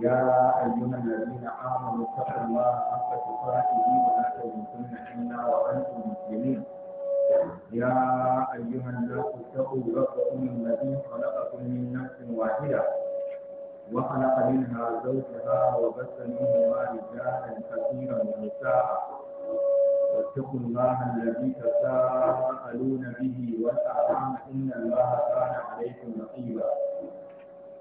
يا أيها الذين آمنوا اتقوا الله حق تقاته ولا تموتن إلا وأنتم مسلمين يا أيها الناس اتقوا ربكم الذي خلقكم من نفس واحدة وخلق منها زوجها وبث منهما رجالا كثيرا ونساء واتقوا الله الذي تساءلون به والأرحام إن الله كان عليكم رقيبا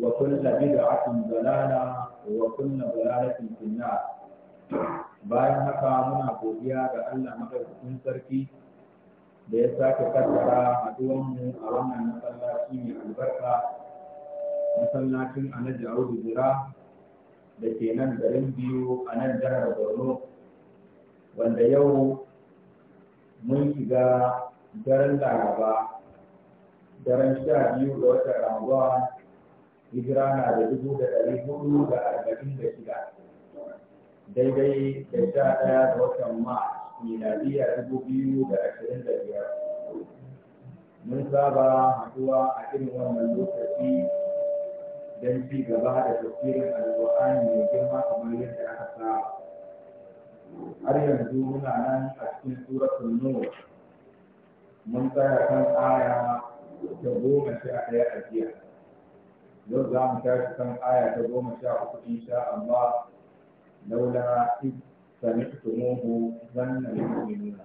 وكل بدعة ضلالة وكل ضلالة في النار bayan haka muna godiya ga Allah madaukakin sarki da ya sake kaddara mu a wannan masallaci mai albarka masallacin Alhaji Audu Jira da ke nan garin biyu a nan jihar Borno wanda yau mun shiga daren Laraba daren sha biyu ga watan Ramadan hijira na da dubu da ɗari hudu da arba'in da shida daidai da sha ɗaya da watan ma miladiya dubu biyu da ashirin da biyar mun saba haɗuwa a irin wannan lokaci don ci gaba da tafsirin alƙur'ani mai girma kamar yadda aka saba har yanzu muna nan a cikin suratul nur mun tsaya kan aya da goma sha ɗaya a jiya yau za mu tashi kan aya إن شاء الله لولا insha Allah سمعتموه ظن المؤمنون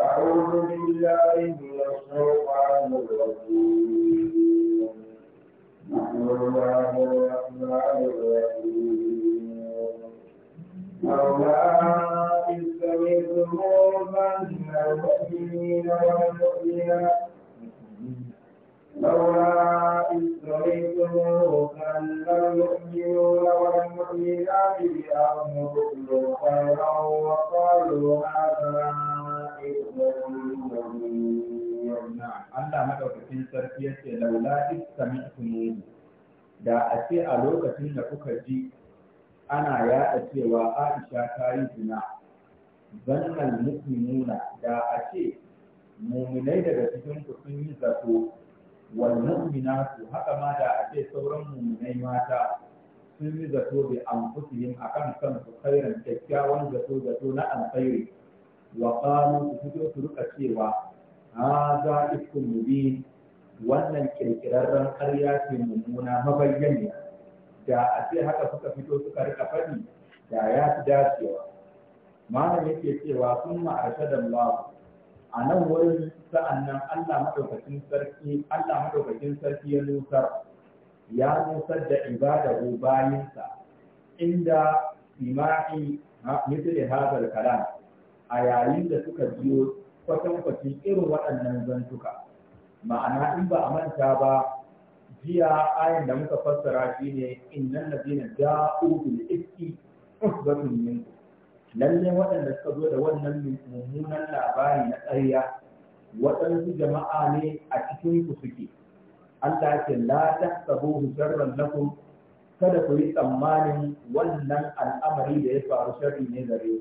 أعوذ بالله من الشيطان الرجيم بسم الله الرحمن الرحيم أولئك سمعتموه ظن المؤمنين والمؤمنات لولا إذ سمعتموه أن المؤمنون والمؤمنات بأنفسهم خيرا وقالوا هذا Allah madaukakin sarki ya ce laula istami'tumuhu da a ce a lokacin da kuka ji ana yaɗa cewa Aisha ta yi zina zannal mu'minuna da a ce muminai daga cikin ku sun yi zato wannan minatu haka mata a ce sauran mummunai mata sun yi zato bi anfusihim akan kansu khairan kyakkyawan zato zato na alkhairi wa qalu su fito su rika cewa hadha ifkum mubin wannan kirkirarren ƙarya ce mummuna mabayyaniya da a ce haka suka fito suka rika faɗi da ya fi dacewa malam yake cewa sun ma'arshadallahu a nan wurin sa'annan Allah madaukakin sarki Allah madaukakin sarki ya nusar ya nusar da ibada bayinsa inda sima'i da hazal kalam a yayin da suka biyo kwatankwacin irin waɗannan zantuka ma'ana in ba a manta ba jiya ayin da muka fassara shine innal ladina da'u bil ifki usbatun minkum lalle waɗanda suka zo da wannan mummunan labari na ƙarya waɗansu jama'a ne a cikin ku suke Allah ce la tahsabuhu sharran lakum kada ku yi tsammanin wannan al'amari da ya faru sharri ne gare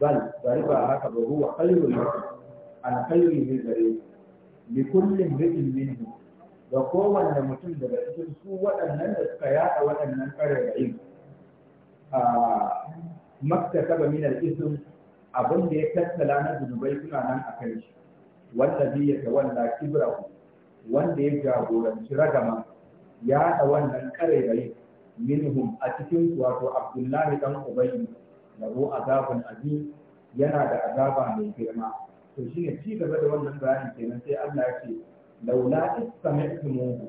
bal bari ba haka ba huwa khairu alkhairi ne gare li kullin ri'in minhu ga kowanne mutum daga cikin su waɗannan da suka yaɗa waɗannan ƙarerayin ah, maktakaba min al-ism abin da ya tattala na zunubai suna nan a kai shi wanda bi ya tawalla wanda ya jagoranci ragama ya haɗa wannan karerai minhum a cikin wato abdullahi dan ubayy lahu azabun azim yana da azaba mai girma to shine ci gaba da wannan bayani kenan sai Allah ya ce laula istami'tumuhu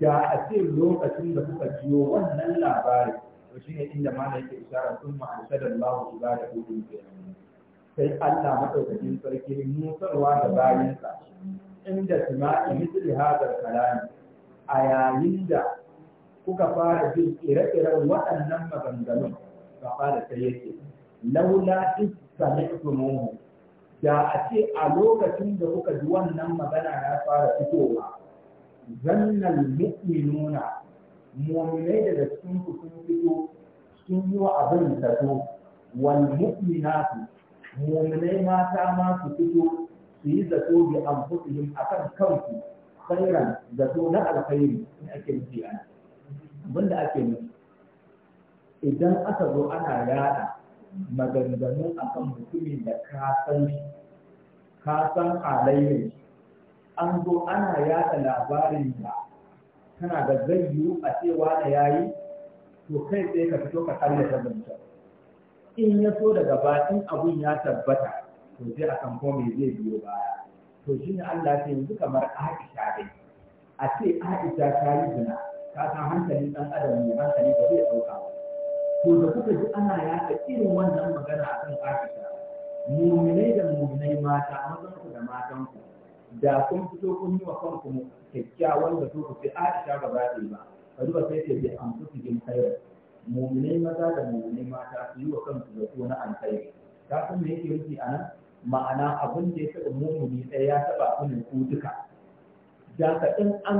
da a ce lokacin da kuka jiyo wannan labarin shi ne inda ma yake isara sun babu lahu ba da hudun sai Allah maɗaukakin sarki musarwa da bayansa inda a misali hadar kalami a yayin da kuka fara jin ire-iren waɗannan maganganun ga fara sai yake laula istami'tumuhu da a ce a lokacin da kuka ji wannan magana ya fara fitowa zannal mu'minuna mu'minai daga cikin ku sun fito sun yi wa abin zato na mu'minatu mu'minai mata ma su fito su yi zato bi a kan kansu sairan zato na alkhairi in ake nufi ana abinda ake nufi idan aka zo ana yada maganganu akan mutumin da ka san shi an zo ana yada labarin da kana da zai yiwu a cewa ya yayi to kai sai ka fito ka kalle ta mutum in ya so daga ba in abun ya tabbata to sai a kan me zai biyo baya to shi ne Allah sai yanzu kamar Aisha dai a ce Aisha ta yi zina ka san hankali dan adam ne hankali ba zai dauka to da kuka ji ana yaɗa irin wannan magana akan Aisha muminai da muminai mata mazan ku da matan ku da kun fito kun yi wa kanku mu kyakkyawan da kuka fi Aisha ba za ba ba ka duba sai ce bi an fusu jin kai mu'minai maza da mu'minai mata su yi wa kansu da na kai ka san me yake a anan ma'ana abin da ya taɓa mummuni ɗaya ya taɓa su ne ku duka da ka in an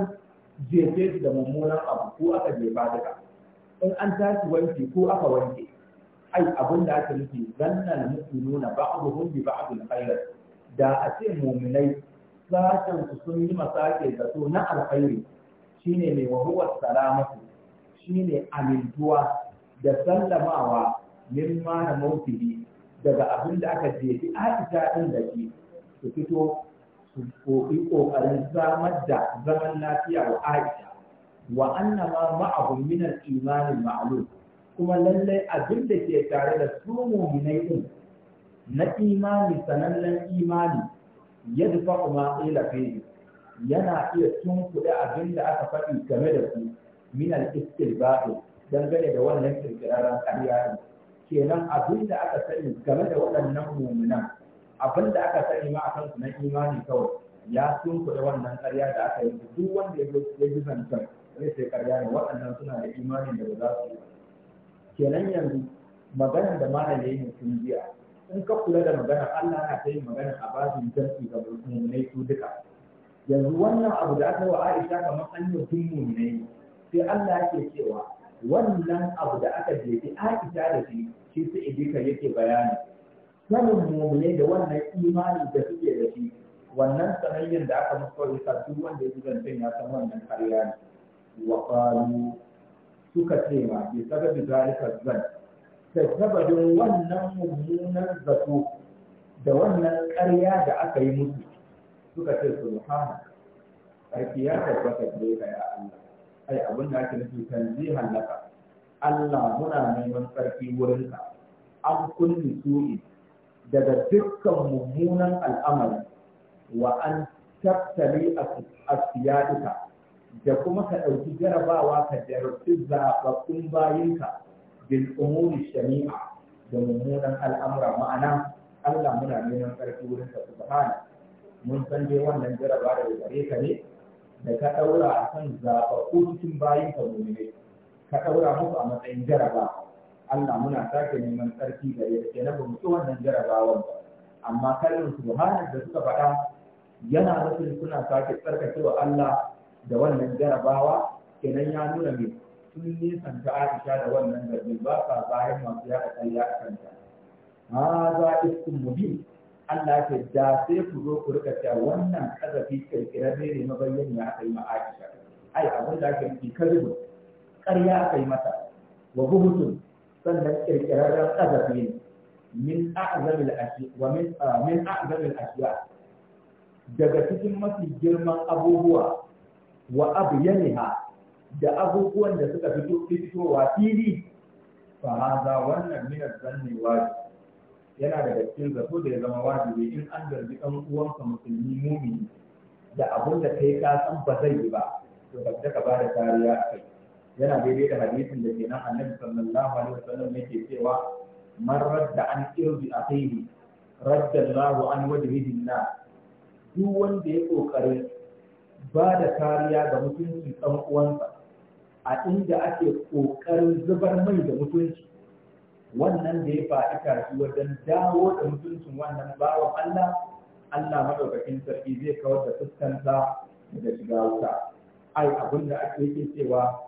jefe su da mummunan abu ko aka jefa duka in an tashi wanke ko aka wanke ai abin da aka nufi zanna na mutu nuna ba'aduhum bi ba'adul khairat da a ce muminai sashen su sun yi masake zato na alkhairi shine mai wahuwa salamatu shine amintuwa da sallamawa min mana mautihi daga abin da aka jefi Aisha din da ke. su fito su koyi kokarin samar da zaman lafiya wa Aisha wa annama ma'ahum min al-iman malum kuma lallai abin da ke tare da su mu'minai din na imani sanannen imani fa kuma ila fi yana iya tunkuɗe abin da aka faɗi game da ku min al-istilba'i dangane da wannan kirkiraren ƙarya kenan abin da aka sani game da waɗannan mumunan abin da aka sani ma akan su na imani kawai ya tunkuɗe wannan ƙarya da aka yi duk wanda ya bi zancen zai sai ƙarya ne waɗannan suna da imani da ba za su yi kenan yanzu maganar da malamin ya yi mutum jiya in ka kula da magana Allah na ta yin magana a babin jamfi ga mummunai su duka yanzu wannan abu da aka wa Aisha kamar an yi mummunai sai Allah yake cewa wannan abu da aka jefi Aisha da shi shi su idika yake bayani sanin mummunai da wannan imani da suke da shi wannan sanayyar da aka musu kawai sa duk wanda ya ji zancen ya san wannan karya ne wa qalu suka ce ma bi sababi zalika da sababin wannan mummunan zato da wannan ƙarya da aka yi musu suka ce su muhammad sarki ya tabbata gare ya Allah ai abin da ake nufi tanzihan laka Allah muna neman wurin wurinka an kulli su'i daga dukkan mummunan al'amari wa an tattali asiyadika da kuma ka ɗauki jarabawa ka jarabci zaɓaɓɓun bayinka bil umuri shami'a da mummunan al'amura ma'ana Allah muna neman ƙarfi wurin ka subhana mun san dai wannan jaraba da gare ka ne da ka ɗaura a kan zaɓaɓɓu cikin bayin ka ka ɗaura musu a matsayin jaraba Allah muna sake neman ƙarfi gare ka na ba ci wannan jarabawan ba amma kalmar subhana da suka faɗa yana nufin suna sake tsarkakewa Allah da wannan jarabawa kenan ya nuna mai sun nisan ta Aisha da wannan garbi ba sa bayan masu yaɗa ƙarya a kanta. Ha za iskun muhim Allah ke da sai ku zo ku rika cewa wannan kazafi kirkirarre ne na bayyana ya aka yi ma Aisha. Ai abin da ake nufi kazibu ƙarya aka yi mata wa buhutun sannan kirkirarren kazafi ne min a'zamil ashiya wa min a'zamil ashiya daga cikin mafi girman abubuwa wa abu yaniha da abubuwan da suka fito wa fili fa haza wannan min azanni wajibi yana daga cikin zato da ya zama wajibi in an dan uwan ka musulmi mumini da abun da kai ka san ba zai yi ba to ba ka ba da kariya a kai yana daidai da hadisin da ke nan annabi sallallahu alaihi wasallam yake cewa man radda an irzi akhihi radda Allah an wajhihi na duk wanda ya kokarin ba da kariya ga mutuncin dan uwansa a inda ake ƙoƙarin zubar mai da mutunci wannan da ya faɗi kashi wajen dawo da mutuncin wannan bawan Allah Allah madaukakin sarki zai kawar da fuskanta da shiga wuta ai abin da ake yake cewa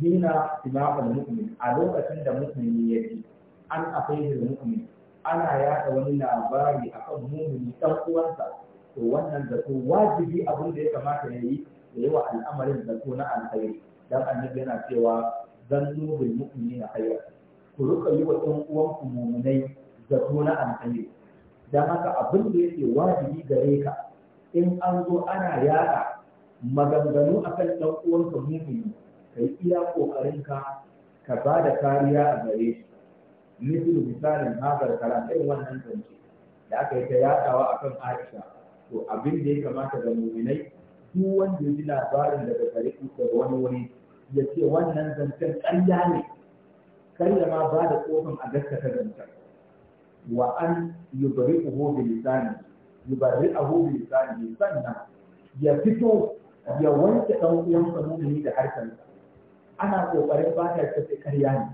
hina imamul mu'min a lokacin da mu'mini ya ji an afaihi mu'min ana yaɗa wani labari akan mu'mini dan uwansa to wannan zato wajibi abin da ya kamata ya yi da yawa al'amarin zato na alkhairi dan annabi yana cewa zannu bil na khayra ku rika yi wa ɗan uwanku mu'minai zato na alkhairi dan haka abin da yake wajibi gare ka in an zo ana yaɗa maganganu akan ɗan uwan uwanka mu'mini kai iya kokarin ka ka ba da kariya a gare shi misali misalin hazar kalam irin wannan zance da aka yi ta yaɗawa akan Aisha to abin da ya kamata ga mu'minai duk wanda ya ji labarin daga gare daga wani wuri ya ce wannan zancen ƙarya ne karya ma ba da kofin a gaskata zancen wa an yubari uhu bi lisani yubari uhu bi lisani sannan ya fito ya wanke ɗan uwansa mumini da harkarsa ana ƙoƙarin ba ta kace karya ne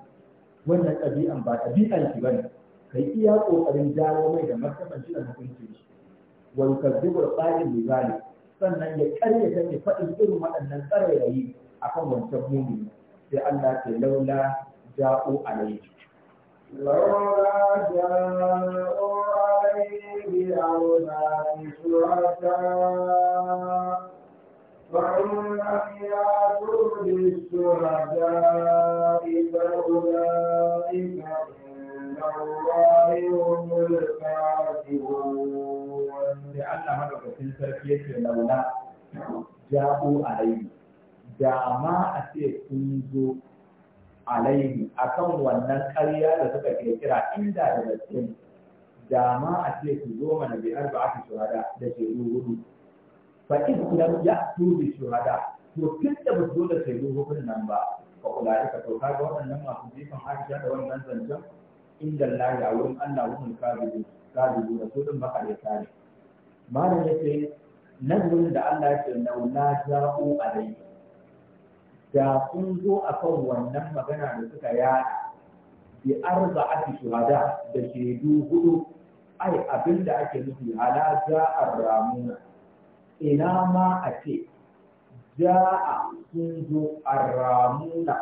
wannan ɗabi'an ba ɗabi'an ba bane kai iya ƙoƙarin jawo mai da martaban shi da mutuncin shi wa yukazzibu al-qa'il sannan ya karya ta faɗin irin waɗannan tsarayayi a wancan mugun sai Allah ke laula ja'u a laifi. Laura ja'u a laifi a wuta shuwata, ba'un na fiya turbi shuwata ita guda ita. Allah madaukakin sarki yake laula ja'u a laifi. da ma a ce kun zo alaihi akan wannan karya da suka ƙirƙira inda da gaske da ma a ce ku zo mana bi aka shuhada da shaidu hudu fa in lam ya'tu bi shuhada to tun da ba zo da shaidu hudun nan ba fa ka to ga waɗannan masu jifan Aisha da wannan zancen inda Allah ya wurin Allah wurin kabiru kabiru da sudin makareta ne malam yace nan wurin da Allah ya ce na ja'u alaihi da sun zo a kan wannan magana da suka yada bi arba'ati shuhada da shaidu hudu ai abin da ake nufi ala a ramuna ina ma a ce ja'a sun zo a a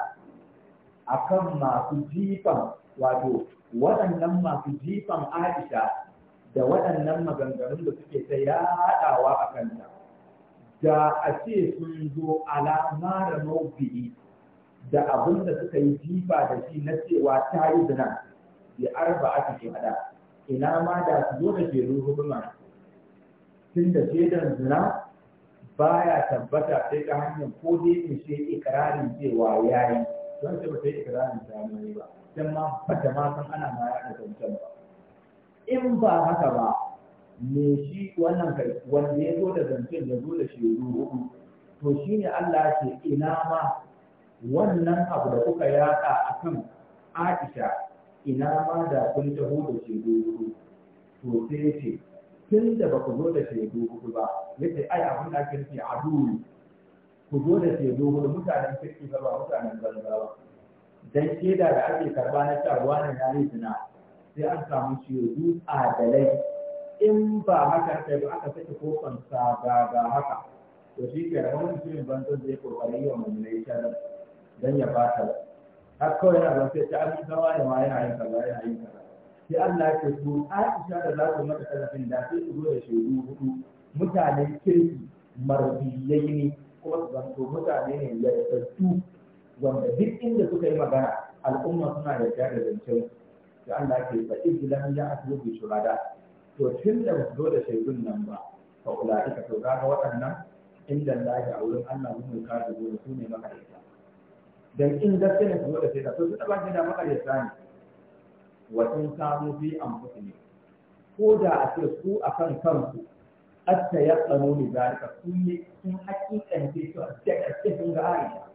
akan masu jifan wato waɗannan masu jifan Aisha da waɗannan maganganun da suke ta yaɗawa a kanta da a ce sun zo ala mara mawbi'i da abin da suka yi jifa da shi na cewa ta yi zina bi arba a ke hada ina ma da su zo da jeru hukuma? tun da shaidan zina baya tabbata sai ta hanyar ko dai in ce ikirarin cewa ya yi don ce ba ta yi ikirarin ta yi ba don ma ba ta ma san ana ma ya da zancen ba in ba haka ba me shi wannan kai wanda ya zo da zancen ya zo da shaidu uku to shi ne Allah ke ina ma wannan abu da kuka yaka akan Aisha ina ma da kun taho da shaidu uku to sai ce tun da ba ku zo da shaidu uku ba Ya ce ai abin da ake nufi adu ku zo da shaidu uku mutanen kirki ba mutanen banza dan keda da ake karba na cewa wani na yi zina sai an samu shaidu adalai in ba haka kai ba aka saki kofan sa ga haka to shi ke da wani mutumin banzan zai kokari wa mummunai sharar dan ya fata har kawai yana ban sai ta abin sawa da ma yana yin kaza yana yin kaza sai Allah ya ce a Aisha da za ku mata kalafin da sai su zo da shaidu hudu mutanen kirki marbiyai ne kuma su zanto mutane ne yardattu wanda duk inda suka yi magana al'umma suna yarda da zancen Sai Allah ke ba idan ya asubu bi shurada to tun da ba zo da shaidun nan ba fa ulaika to ga waɗannan inda lahi a wurin Allah mun ka da gobe su ne makareta dan in gaske ne zo da shaida to su ta ba da makareta ne wa in samu fi ne. ko da a ce su kan kansu atta ya tsano ne zalika sun yi sun hakikan ce su da ce sun ga Aisha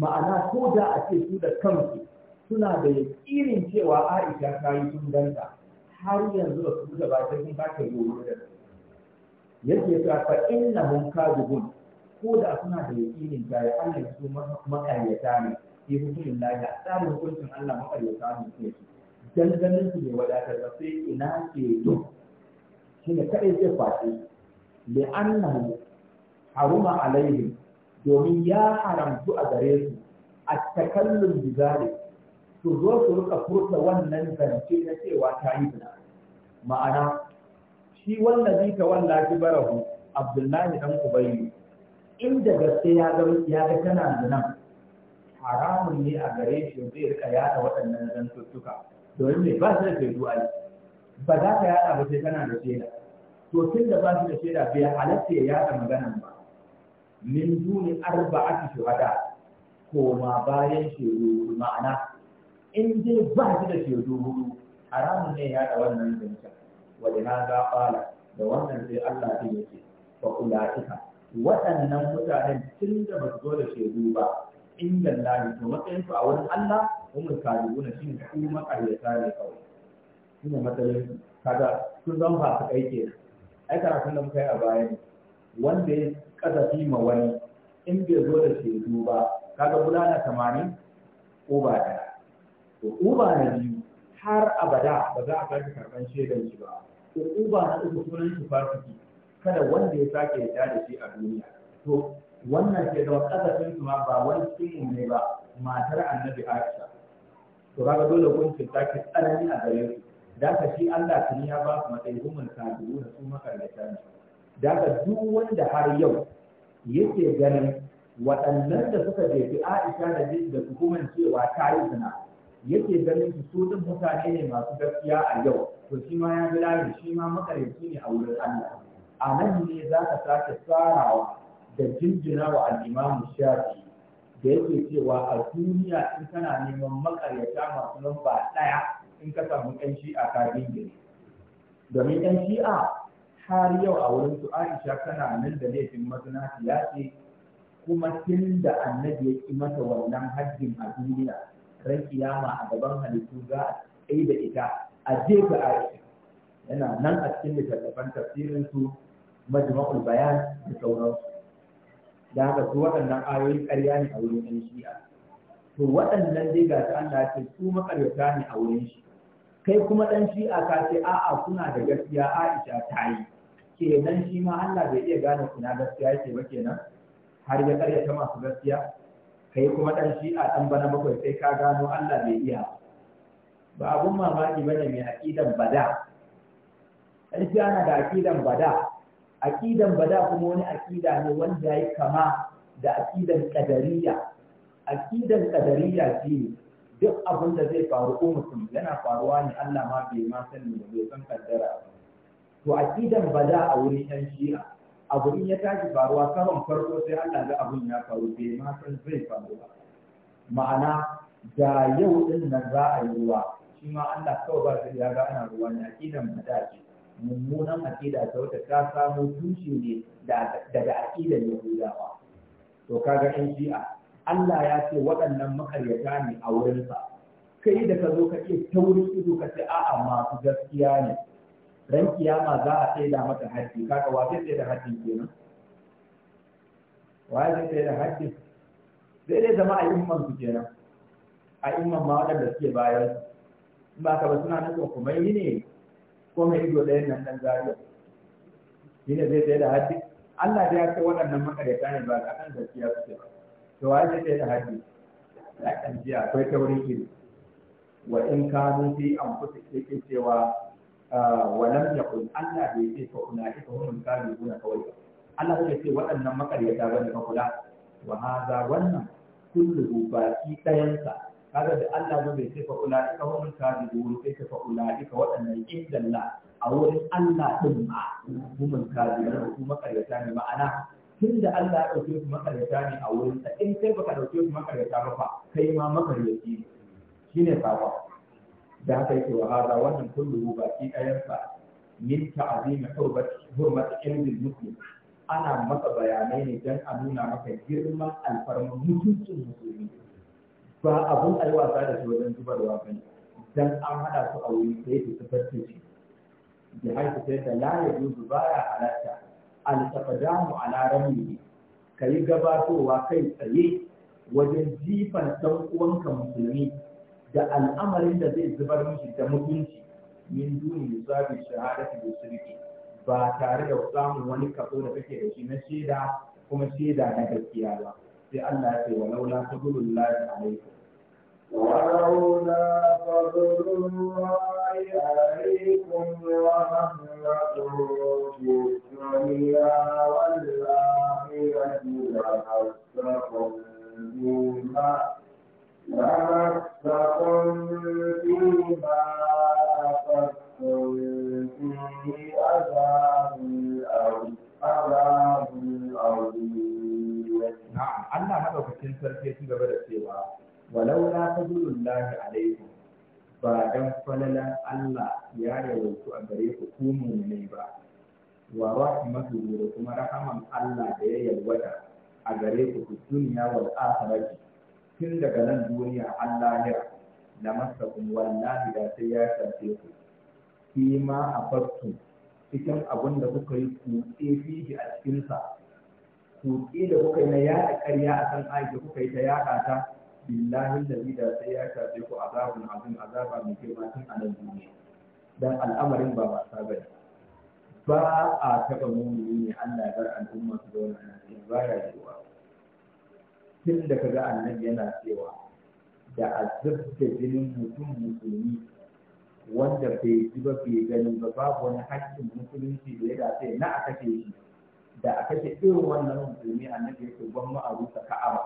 ma'ana ko da a ce su da kansu suna da yakinin cewa Aisha ta yi sun danta. har yanzu ba su buga ba sai kun baka yi wuri da yake na mun innahum kadibun ko da suna da yaƙinin gaya Allah su ne fi hukumin lahi a tsarin hukuncin Allah makaryata ne ke su su ne wadatar ba sai ina ke to ne kaɗai zai kwace li annahu haruma alaihim domin ya haramtu a gare su a takallum bizalik to zo su rika furta wannan zance na cewa ta yi zina ma'ana shi wannan wallazi ta wallahi barahu abdullahi dan ubayyu inda gaske ya ga ya ga tana zinan haramun ne a gare shi zai rika yada waɗannan zantuttuka domin me ba su da shaidu ai ba za ka yada ba sai kana da shaida to tun da ba su da shaida bai halatta ya yada maganan ba min duni arba'ati shuhada koma bayan shi ma'ana in dai ba shi da shaidu hudu haramun ne ya da wannan zancen wani na za fara da wannan sai Allah ta yake fa ulaika waɗannan mutanen tun da ba su zo da shaidu ba inda lahi to matsayin su a wurin Allah umul na shine su makaryata ne kawai shine matsayin kaga sun zan ba su kai ke ai karatun da muka yi a baya ne wanda ya kasafi ma wani in bai zo da shaidu ba kaga bulala tamanin ko ba ɗaya uba na biyu har abada ba za a sake karɓar shaidar shi ba uba na uku sunan shi fasiki kada wanda ya sake yarda da shi a duniya to wannan ke zama kasafin su ba wani cikin ne ba matar annabi Aisha to kaga dole hukuncin ta ke tsanani a gare su da ka shi Allah tuni ya ba su matsayi hukumar kafiru da su makaranta ne da ka duk wanda har yau yake ganin waɗannan da suka jefi Aisha da da hukumar cewa ta yi zina yake ganin su su din mutane ne masu gaskiya a yau to shi ma ya bi lafi shi ma makarici ne a wurin Allah a nan ne za ka sake tsarawa da jinjina wa al'imamu shafi da yake cewa a duniya in kana neman makaryata masu lamba ɗaya in ka samu ɗan shi'a ka gingine domin ɗan shi'a har yau a wurin su Aisha tana nan da laifin mazinaciya ce kuma tun da annabi ya ƙi mata wannan hajjin a duniya ran kiyama a gaban halittu za a kai da ita a jefa Aisha yana nan a cikin littattafan tafsirin su majma'ul bayan da sauransu da haka su waɗannan ayoyin ƙarya ne a wurin ɗan shi'a to waɗannan dai ga Allah ce su makarata ne a wurin shi kai kuma ɗan shi'a ka ce a'a kuna da gaskiya Aisha ta yi kenan shi ma Allah bai iya gane kuna gaskiya yake ba kenan har ya ƙaryata masu gaskiya kai kuma ɗan shi'a ɗan bana bakwai sai ka gano Allah bai iya ba abun mamaki bane mai aƙidan bada ɗan ana da aƙidan bada aƙidan bada kuma wani aƙida ne wanda ya kama da aƙidan ƙadariya aƙidan ƙadariya shi ne duk abun da zai faru ko mutum yana faruwa ne Allah ma bai ma sani ba bai san kaddara to aƙidan bada a wurin ɗan shi'a abu in ya tashi faruwa karon farko sai Allah ga abun ya faru bai ma san zai faru ba ma'ana da yau din nan za a yi ruwa shi ma Allah kawai ba ya ga ana ruwa ne aqidan madaji mummunan aƙida ta wata ta samu tushe ne daga akidan yahudawa to kaga in shi'a Allah ya ce waɗannan makaryata ne a wurinsa kai da ka zo ka ce wurin ido ka ce a'a masu gaskiya ne ran kiyama za a sai da mata haddi kaka wa sai da haddi kenan wa sai sai da haddi sai dai zama a imman su kenan a imman ma wadanda suke bayar. in ba ka ba suna nan kuma yi ne ko mai ido ɗayan nan dan zariya shi ne zai sai da haddi Allah ya ce waɗannan makareta ne ba ka kan gaskiya suke ba to wa sai sai da haddi ya kan ji akwai taurin iri. wa in ka kanu fi an kusa yake cewa walam yakun Allah bai ce fa ulaika humul kuna kawai ba Allah ya ce waɗannan makaryata bane fa kula wa hadha wannan kulluhu baki ɗayansa kaga da Allah ba bai ce fa ulaika humul kadhibun sai ka fa ulaika waɗannan inda Allah a wurin Allah din ma humul kadhibun su makaryata ne ma'ana tun da Allah ya ɗauke su makaryata ne a wurin sa in kai baka ɗauke su makaryata ba fa kai ma makaryaci ne shine sawa da haka yake wa hada wannan kullu baki ɗayansa min ta'zimi hurmati hurmati indil muslim ana masa bayanai ne dan a nuna maka girman alfarma mutuncin musulmi ba abun ayi wasa da shi wajen zubarwa ba dan an hada su a wuri sai su tafarce shi da haifu sai da la ya juzu baya halatta al-taqdamu ala ramyi kayi gabatowa kai tsaye wajen jifan dan uwanka musulmi da al'amarin da zai zubar mishi da mutunci min duni zabi shahadati da shirki ba tare da samun wani kaso da kake da shi na shaida kuma shaida na gaskiya ba sai Allah ya ce walaula fadlullahi alaikum ولولا فضل الله عليكم ورحمته في الدنيا والآخرة لمسكم بما لمسكم فيما أخذتم فيه عذاب عذاب عظيم نعم الله مدوكتين سركي ci gaba da cewa walau la fadlullahi alaikum ba dan falalan Allah ya yawaitu a gare ku ku ne ba wa rahmatuhu da kuma rahaman Allah da ya yalwata a gare ku duniya wal akhirati tun daga nan duniya an lahira na masakun wallahi da sai ya shafe ku shi ma a fattu cikin abin da kuka yi kutse fihi a cikinsa kutse da kuka yi na yaɗa ƙarya a kan aiki kuka yi ta yaɗa ta billahi da da sai ya shafe ku azabun abin azaba mai girma tun a nan duniya dan al'amarin ba wasa bane ba a taɓa mumini ne Allah ya bar al'umma su zauna a cikin baya ruwa. tun da ka ga annabi yana cewa da azab da jinin mutum musulmi wanda bai ji ba bai gani ba babu wani hakkin musulunci da ya dace na a kashe shi da a kashe irin wannan musulmi annabi ya ban mu a rusa ka'aba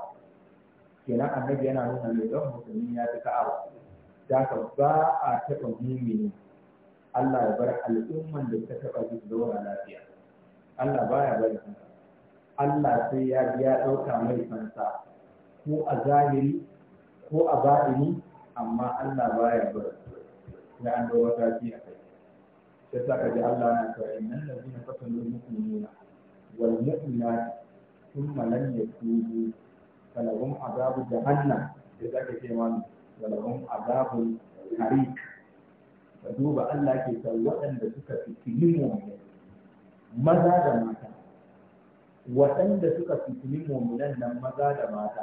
kenan annabi yana nuna mai don musulmi ya fi ka'aba da ka ba a taɓa mumini Allah ya bar al'umman da ta taɓa su zauna lafiya Allah baya bari Allah sai ya ya ɗauka mai fansa ko a zahiri ko a ba'ini amma Allah baya bar ya an da wata ji a kai sai sa ji Allah na cewa innal ladina fatanul mu'minina wal mu'minat thumma lam yatubu falahum azabu jahannam sai sa kaji ma falahum azabu harik ka duba Allah ke san waɗanda suka fitini mu'minai maza da mata waɗanda suka fitini mu'minan nan maza da mata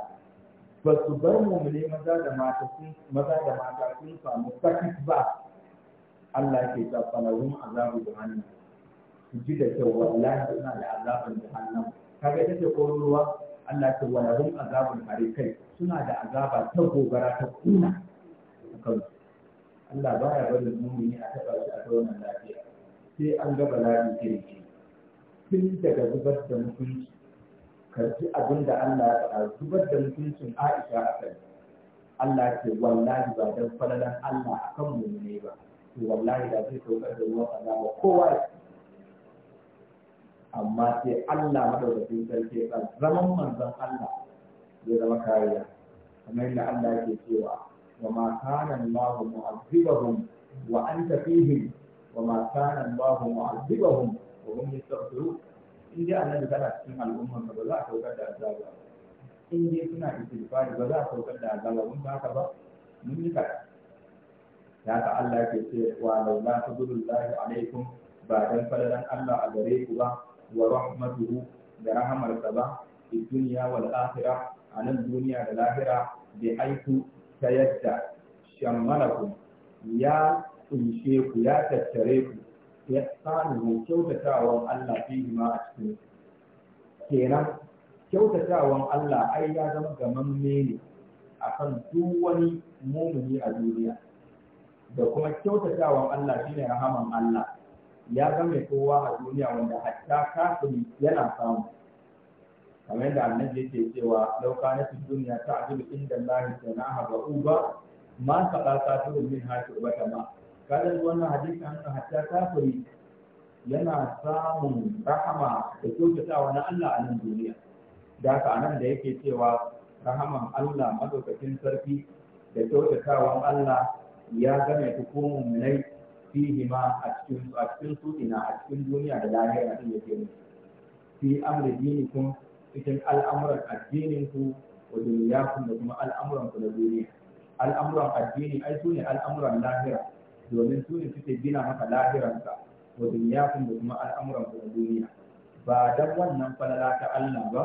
ba su bar ne maza da mata sun maza da mata sun samu sakit ba Allah ke ta falahum azabu jahannam su ji da kyau wallahi suna da azabun jahannam kaga take koruwa Allah ke walahum azabun kai suna da azaba ta gobara ta kuna Allah Allah baya barin mummuni a taɓa shi a wannan lafiya sai an ga bala'i kirki tun daga zubar da mutunci karbi abin da Allah ya faɗa zubar da mutuncin Aisha a kai Allah ya ce wallahi ba dan falalan Allah akan mu ne ba to wallahi da zai saukar da ruwan azaba kowa amma sai Allah madaukakin sarki ya zaman manzon Allah zai zama kariya kamar yadda Allah ke cewa wa ma kana Allah mu'azzibahum wa anta fihim wa ma kana Allah mu'azzibahum wa hum yastaghfirun in dai annabi kana cikin al'ummar, ba za a saukar da azaba in dai suna istighfari ba za a saukar da azaba mun ba ba mun yi kada ya ka Allah ke ce wa laula fadlullahi alaikum ba dan fadalan Allah a gare ku ba wa rahmatuhu da rahamarsa ba fi duniya wal akhirah a nan duniya da lahira bi aiku ta yadda shammalakum ya kunshe ku ya tattare ku ya sanu kyautatawan Allah fi ma a cikin kenan kyautatawan Allah ai ya zama gamamme ne akan duk wani mumuni a duniya da kuma kyautatawan Allah ne rahaman Allah ya zama kowa a duniya wanda hatta kafiri yana samu kamar yadda annabi yake cewa na cikin duniya ta ta'dilu inda Allah ba ba'uba ma saqa kafirin min ta ma kada wannan hadisi an san hatta kafiri yana samun rahama da kyautatawa na Allah a nan duniya da haka anan da yake cewa rahaman Allah madaukakin sarki da kyautatawan Allah ya game ta ko mummunai fihi ma a cikin a su ina a cikin duniya da lahira din yake ne fi amri dinikum cikin al'amuran addinin ku wa duniyakum da kuma al'amuran ku na duniya al'amuran addini ai sune al'amuran lahira domin su ne suke gina maka lahiranka wa dunyakum da kuma al'amuran ku duniya ba dan wannan falala ta Allah ba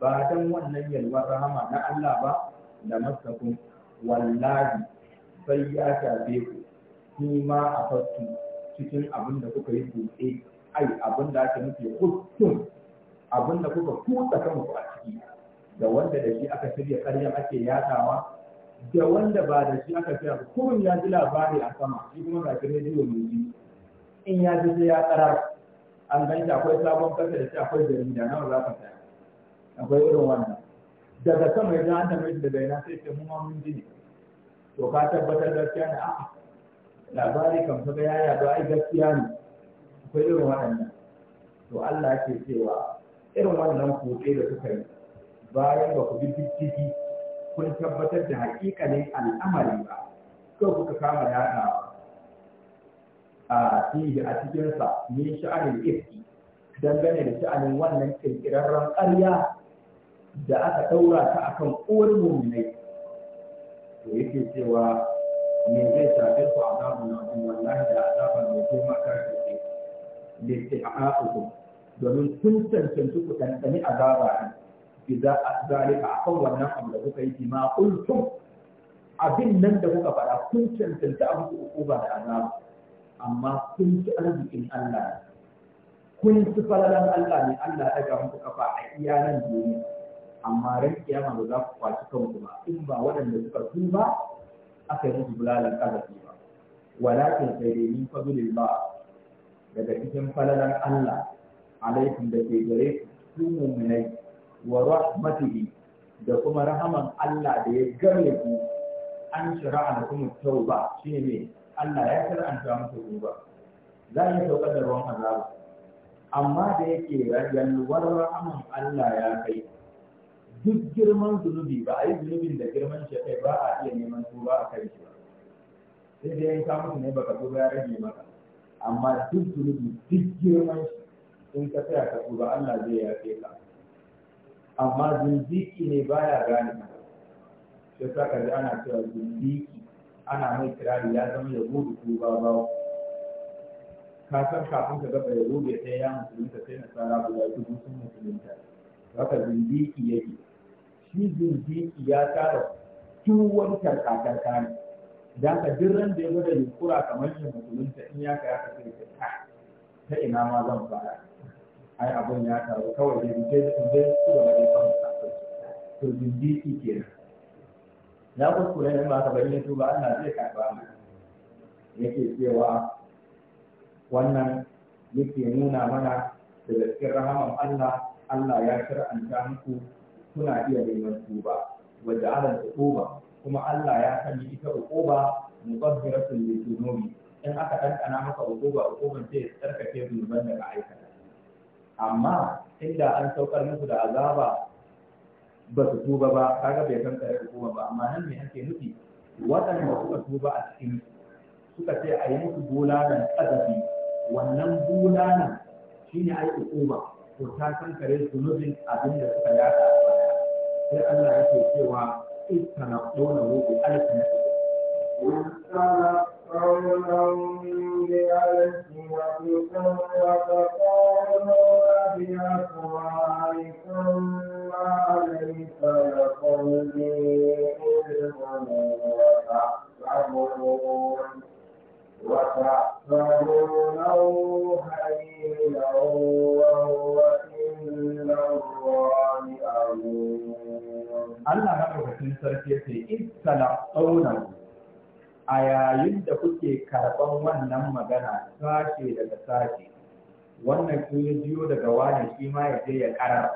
ba dan wannan yalwar rahama na Allah ba da masakun wallahi sai ya shafe ku ni ma a fastu cikin abin da kuka yi dutse ai abin da ake nufi kustum abin da kuka kusa kanku a ciki da wanda da shi aka shirya ƙarya ake yadawa da wanda ba da shi aka fiya kurun ya ji labari a sama shi kuma ga rediyo mai ji in ya ji sai ya tsara. an ganta akwai sabon kasa da shi akwai jarida nawa za ka saya akwai irin wannan daga sama ya an tambaye shi daga ina sai ce mu ma mun ji ne to ka tabbatar gaskiya ne a'a labari kam ta ga yaya ba ai gaskiya ne akwai irin waɗannan to Allah ke cewa irin wannan kuɗe da kuka yi bayan ba ku bi diddigi kun tabbatar da haƙiƙanin al'amari ba so kuka kama yaɗa a fiye a cikinsa ne sha'anin ifki dangane da sha'anin wannan ƙirƙirarren ƙarya da aka ɗaura ta akan uwar mummunai to yake cewa me zai shafe ku zamu na wajen wallahi da azaban mai girma kar da ke da ke a domin kun cancanci ku ɗanɗani azaba bi za a zalika akan wannan abu da kuka yi ma kuntum abin nan da kuka faɗa kun cancanta abu ku uku ba da azaba amma kun ci arzikin Allah ne kun ci falalan Allah ne Allah ya daga muku kafa a iyalan nan duniya amma ran kiyama ba za ku kwaci kanku ba in ba waɗanda suka tuba aka yi musu bulalan azabi ba walakin sai dai min fadlil ba daga cikin falalan Allah alaikum da ke gare ku mu'minai wa rahmatihi da kuma rahaman Allah da ya gare ku an shara'a da kuma tauba shine ne Allah ya an shar'anta muku tauba za a yi saukar da ruwan azaba amma da yake war rahaman Allah ya kai duk girman zunubi ba a yi zunubin da girman shi kai ba a iya neman tuba a kai shi ba sai da ya samu ne baka tuba ya rage maka amma duk zunubi duk girman shi in ka tsaya ka tuba Allah zai yafe ka amma zindiki ne baya gane ba ya sa ka ana cewa zindiki ana mai kirari ya zama ya gudu ko ba ba ka san kafin ka gaba ya gudu sai ya musulunta sai na sara guda dubu sun ta haka zindiki yake shi zindiki ya tara tuwon karkatarka ne da ka duk ran da ya gwada yunkura kamar mutum musulunta in ya ka ya ka sai ta ina ma zan fara ai abun ya taru kawai ne mu je mu je su ga mai kan to zindiki kenan na kuskure ne ba ka bayyana to ba Allah zai karba mu yake cewa wannan yake nuna mana daga cikin rahaman Allah Allah ya shir'anta muku kuna iya neman tuba wa ja'ala tuba kuma Allah ya sani ita uquba mutahhiratun lidunubi in aka ɗanɗana maka ukuba uquban zai ya tsarkake zunuban daga aikata amma inda an saukar musu da azaba ba su tuba ba kaga bai san tsare hukuma ba amma nan ne ake nufi waɗanda suka tuba a cikin suka ce a yi musu bulanan ƙazafi wannan bulanan shine ai hukuma to ta san kare nufin abin da suka yada sai Allah yake cewa istana dole ne ku alkana قولا بألسنتكم وتقولون بأفواهكم ما ليس لكم به علم وتحسبون هينا وهو عند الله عظيم. الله مدعوكم إذ تلقونه a yayin da kuke karɓar wannan magana sashe daga sashe wannan ko ya jiyo daga wani shi ma ya je ya karar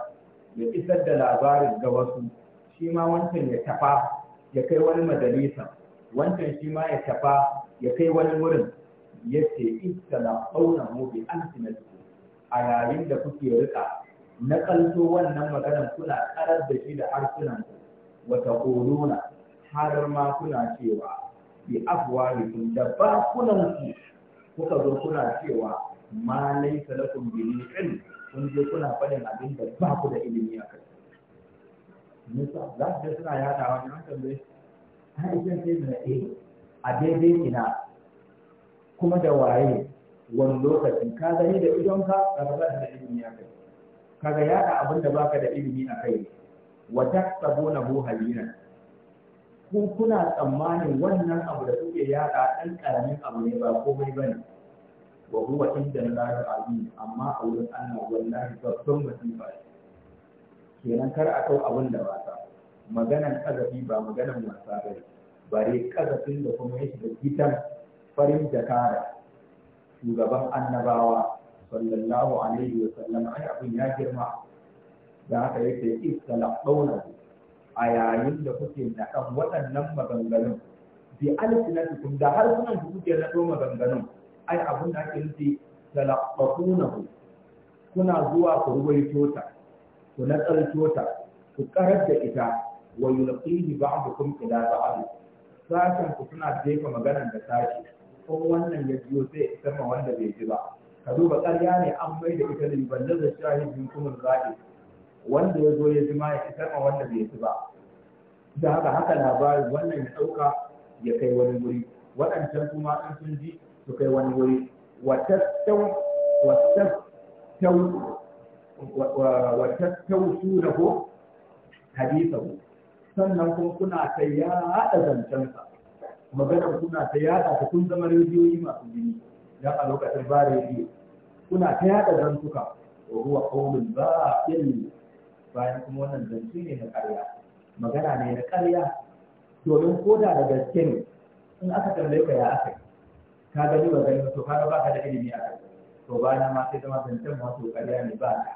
ya isar da labarin ga wasu shi ma wancan ya tafa ya kai wani majalisa wancan shi ma ya tafa ya kai wani wurin ya ce na ƙaunar mu bi antinatu a yayin da kuke rika na kalto wannan maganar kuna karar da shi da harsunan wata koruna har ma kuna cewa fi afwahikum da bakunan ku kuka zo kuna cewa ma laysa lakum bi ilmin kun je kuna faɗin abin da ba ku da ilimi a kai Musa za su suna yada wani an tambaye har ikin sai da eh a daidai ina kuma da waye wani lokacin ka gani da idonka ka ba da ilimi a kai kaga yada abin da baka da ilimi a kai wa na hu halinan ko kuna tsammanin wannan abu da kuke yada ɗan ƙaramin abu ne ba komai ba ne wa huwa inda na lafi amma a wurin Allah wallahi babban ba ne kenan kar a kau abin da wasa maganan ƙazafi ba maganan wasa ba bare ƙazafin da kuma ya shiga gidan farin jakara shugaban annabawa sallallahu alaihi wa sallam ai abin ya girma da haka yake istala dauna a yayin da kuke naɗan waɗannan maganganun bi alfinatikum da harsunan ku kuke naɗo maganganun ai abin da ake nufi ku kuna zuwa ku ruwaito ta ku natsarto ta ku karar da ita wa yulqihi ba'dukum ila ba'd sashen ku suna jefa maganar da sashi ko wannan ya biyo sai ya ma wanda bai ji ba ka duba ƙarya ne an mai da ita liban da shahidin kuma zaɓi wanda ya zo ya ji ma ya isar ma wanda bai ji ba da haka haka labarin wannan ya ɗauka ya kai wani wuri waɗancan kuma in sun ji su kai wani wuri watattau su da ko hadisahu sannan kuma kuna ta yaɗa zancensa maganar kuna ta yaɗa ta kun zama rediyoyi masu jini Dan a lokacin ba rediyo kuna ta yaɗa zantuka wa huwa qawlun ba'il bayan kuma wannan zance ne na karya, magana ne na karya. domin ko da da gaske ne in aka tambaye ka ya aka ka gani ba gani to kaga ba ka da ilimi a kai to bayan ma sai zama zancen wato ƙarya ne ba ka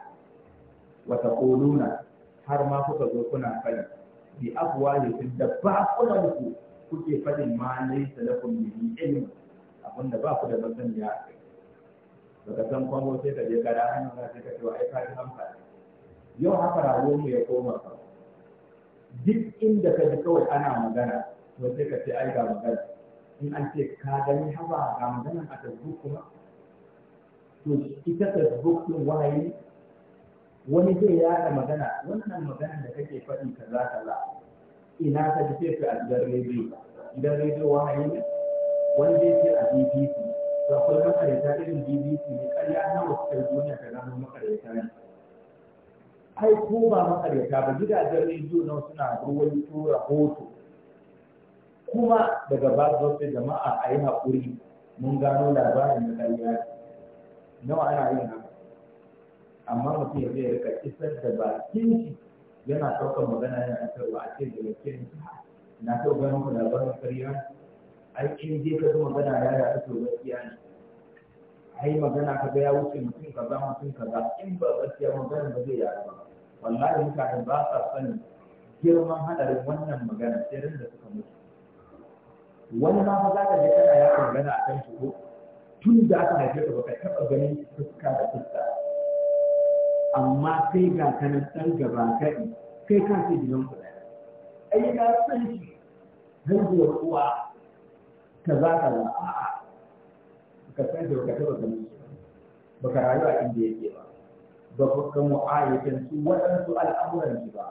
wata ƙoluna har ma kuka zo kuna fari bi afwalikum da ku kuke fadin ma laysa lakum bihi ilimi abinda ba ku da ya aka yi daga san kwamo sai ka je gara hanyar sai ka ce ai ka yi hankali yau haka rayuwar mu ya koma ka duk inda ka ji kawai ana magana to sai ka ce ai ga magana in an ce ka gani haba ga magana a Facebook kuma to ita Facebook din wahayi wani zai yada magana wannan magana da kake faɗi za kaza za? ina ka ji sai a gidan rediyo gidan rediyo wahayi ne wani zai ce a BBC to akwai makaranta irin BBC ne ƙarya nawa suka yi duniya ka gano makarantar ne ai ko ba makaryata ba gidajen rediyo nan suna tura rahoto kuma daga ba su sai jama'a a yi haƙuri mun gano labarin da ƙarya nawa ana yin haka amma mutum ya zai rika isar da bakin shi yana ɗaukar magana yana ba a ce da ce na ta ganin ku labarin ƙarya ai in je ka ga magana ya ya ta gaskiya ne ai magana ka ga ya wuce mutum kaza mutum kaza in ba gaskiya magana ba zai yaɗu ba wallahi mutane ba sa sanin girman hadarin wannan magana sai da suka mutu wani ma fa zaka je kana yakin magana a kan shigo. tun da aka haife ka baka taba ganin fuska da fuska amma kai ga kanan ɗan gaba kai kai ka ce gidan ku da ai ga san shi hanyar uwa kaza kaza a'a ka san da ka taba ganin baka rayu a inda yake ba ba ku kan su waɗansu al'amuran ki ba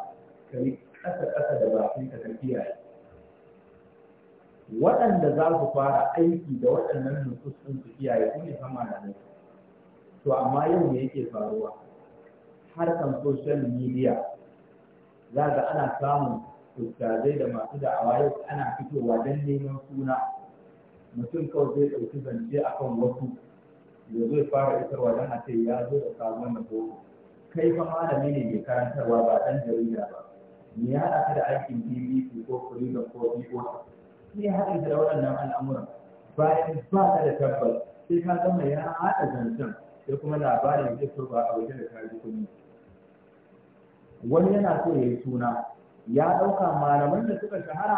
ka ƙasa-ƙasa da bakin ka ka kiyaye waɗanda za ku fara aiki da waɗannan nukus ɗin su kiyaye su ne sama da nan to amma yau ne yake faruwa harkan social media za ga ana samun ustazai da masu da'awa yau ana fitowa don neman suna mutum kawai zai ɗauki zance akan wasu ya zai fara isarwa don a ce ya zo da sabon na boko kai fa malami ne mai karantarwa ba dan jarida ba me ya haɗa da aikin BBC ko Freedom ko BOA me ya haɗa da waɗannan al'amuran bayan ba ta da tabbas sai ka zama ya haɗa zancen sai kuma labarin zai turba a waje da kaji kunni wani yana so ya yi suna ya ɗauka malaman da suka shahara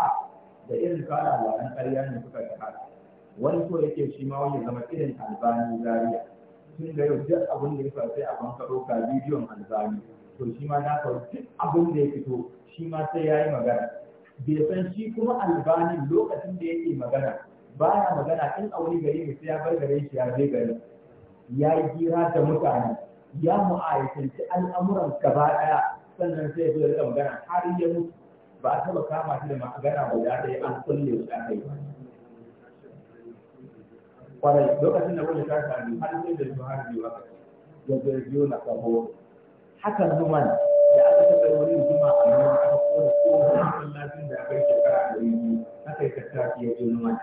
da irin kala labaran ƙarya ne suka shahara wani so yake shi ma wani zama irin albani zariya tun da yau duk abin da ya faru sai a banka roka bidiyon albani to shi ma na faru duk abin da ya fito shi ma sai ya yi magana bai san shi kuma albani lokacin da yake magana ba baya magana in a wani gari ne sai ya bar gare shi ya je gari ya yi gira da mutane ya mu'ayatanci al'amuran gaba ɗaya, sannan sai ya zo da magana har ya mutu ba a taba kama shi da magana guda ɗaya an kulle shi a kai ba kwarai lokacin da wani ta sami har sai da su har biyu ya zai na kabo haka zuman da aka taɓa wani zuma a nan aka kona kowane masallacin da aka yi shekara a yi biyu aka yi tattaki ya biyo numan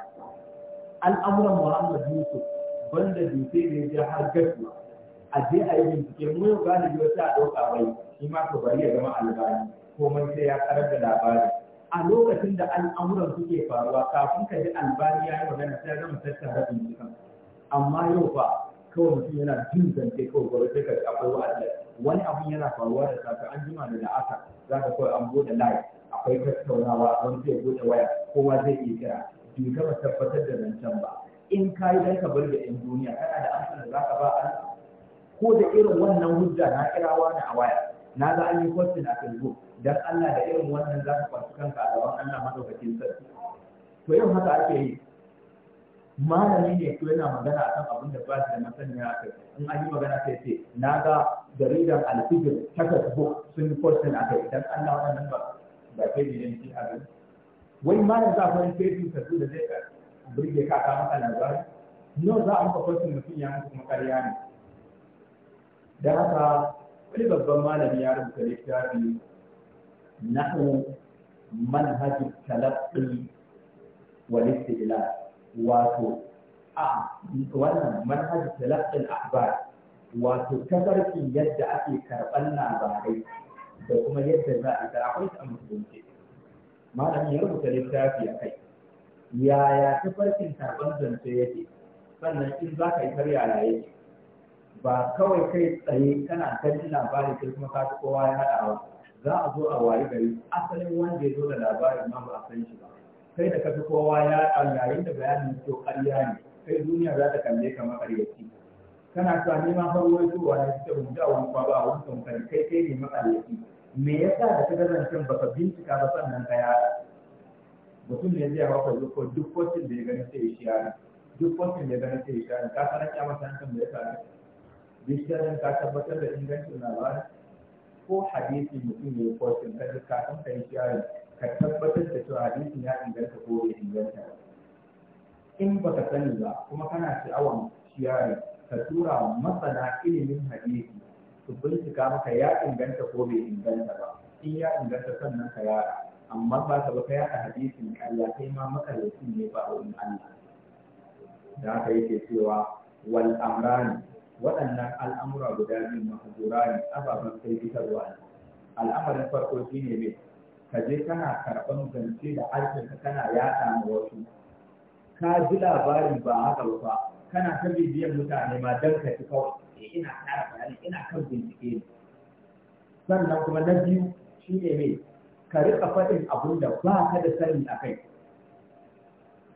al'amuran muhammad yusuf banda dutse da ya ja har gasma a je a yi bincike mu yau galibi wata a ɗauka bai shi ma ka bari ya zama albani komai sai ya karar da labarin a lokacin da al'amuran suke faruwa kafin ka ji albani ya yi magana sai gama tattara bincikan amma yau fa kawai mutum yana jin zance kawai gobe sai ka ji akwai wa'adda wani abun yana faruwa da safe an jima da la'asa za ka kawai an buɗe live akwai tattaunawa wani zai bude waya kowa zai iya kira bai gama tabbatar da zancen ba in ka yi dan ka bar da yan duniya kana da amsar da za ka ba an ko da irin wannan hujja na kirawa ne a waya na ga an yi question a facebook dan Allah da irin wannan za ka kwanci kanka a gaban Allah madaukakin sarki to yau haka ake yi malami ne to yana magana akan abin da ba shi da masaniya a kai in an yi magana sai ce na ga jaridar alfijir ta facebook sun yi postin a kai dan Allah wannan ba ba kai ne ne abin wai malam za ka yi facebook da zai ka burge ka ka maka labari no za a maka postin mutum ya mutu kuma karya ne da haka wani babban malami ya rubuta littafi نحو منهج التلقي والاستدلال واتو آه. wannan manhajin talaqqin ahbar wato yadda ake karɓar labarai da kuma yadda za a ta akwai ta musulunci malamin ya rubuta littafi a kai yaya tafarkin karɓar zance yake sannan in za ka yi karya yaya ba kawai kai tsaye kana ganin labari kai kuma ka kowa ya haɗawa za a zo a wari gari asalin wanda ya zo da labarin ma ba a san shi ba kai da kafi kowa ya yayin da bayanin to ƙarya ne kai duniya za ta kalle ka maƙaryaci kana sa neman farwai zuwa wani ta rubuta wani kwaba a wani kamfani kai kai ne maƙaryaci. me yasa da kaga zancen baka bincika ba sannan ka yada mutum ne zai hawa kwazo ko duk kwacin da ya gani sai ya shiyana duk kwacin da ya gani sai ya shiyana ka sanar kyamata masa hankali da ya ne bishiyar ka tabbatar da ingancin labarin ko hadisin mutum ya yi kwasin ka duka kafin ka yi shari ka tabbatar da cewa hadisin ya inganta ko bai inganta in ba ka sani ba kuma kana sha'awan sharing ka tura masana ilimin hadisi su bincika maka ya inganta ko bai inganta ba in ya inganta sannan ka yara amma ba ka ba ka yada hadisin Allah kai ma makarantun ne ba a wurin Allah da haka yake cewa wal amrani waɗannan al'amura guda biyu mahajura ne ababen sai fitarwa ne al'amarin farko shi ne mai ka je kana karɓan zance da ka kana yaɗa ma wasu ka ji labarin ba haka ba kana ta bibiyar mutane ma don ka ci kawai eh, ina kara bayani ina kan bincike ne sannan kuma na biyu shi ne mai ka riƙa faɗin abin da ba ka da sani a kai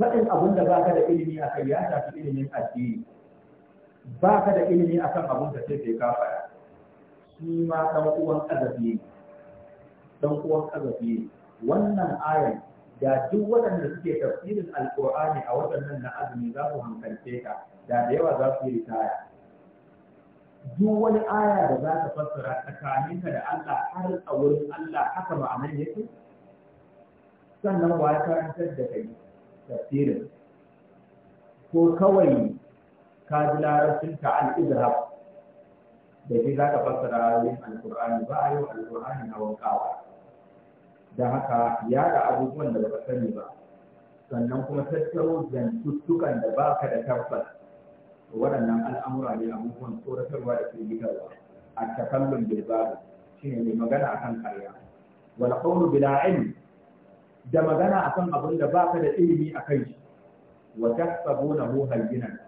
faɗin abin da ba ka da ilimi a kai ya shafi ilimin addini ba ka da ilimi akan abin da sai kai ka faɗa shi ma ɗan uwan azabi ne ɗan uwan azabi ne wannan ayan da duk waɗanda suke tafsirin alƙur'ani a waɗannan na azumi za su hankalce ka da da yawa za su yi ritaya duk wani aya da za ta fassara ka da Allah har a wurin Allah haka ma'anar yake sannan wa ya karantar da kai tafsirin ko kawai ka ji larabcin da shi za ka fassara ayoyin alkur'ani ba a yau Alƙur'ani na wankawa Da haka yada abubuwan da baka sani ba sannan kuma tattaro zantuttukan da baka da tabbas waɗannan al'amura ne abubuwan tsoratarwa da firgitarwa a takallun bilbabu shine mai magana kan karya wal qawlu bila da magana akan abin da baka da ilimi akan shi wa tahsabunahu hayyinan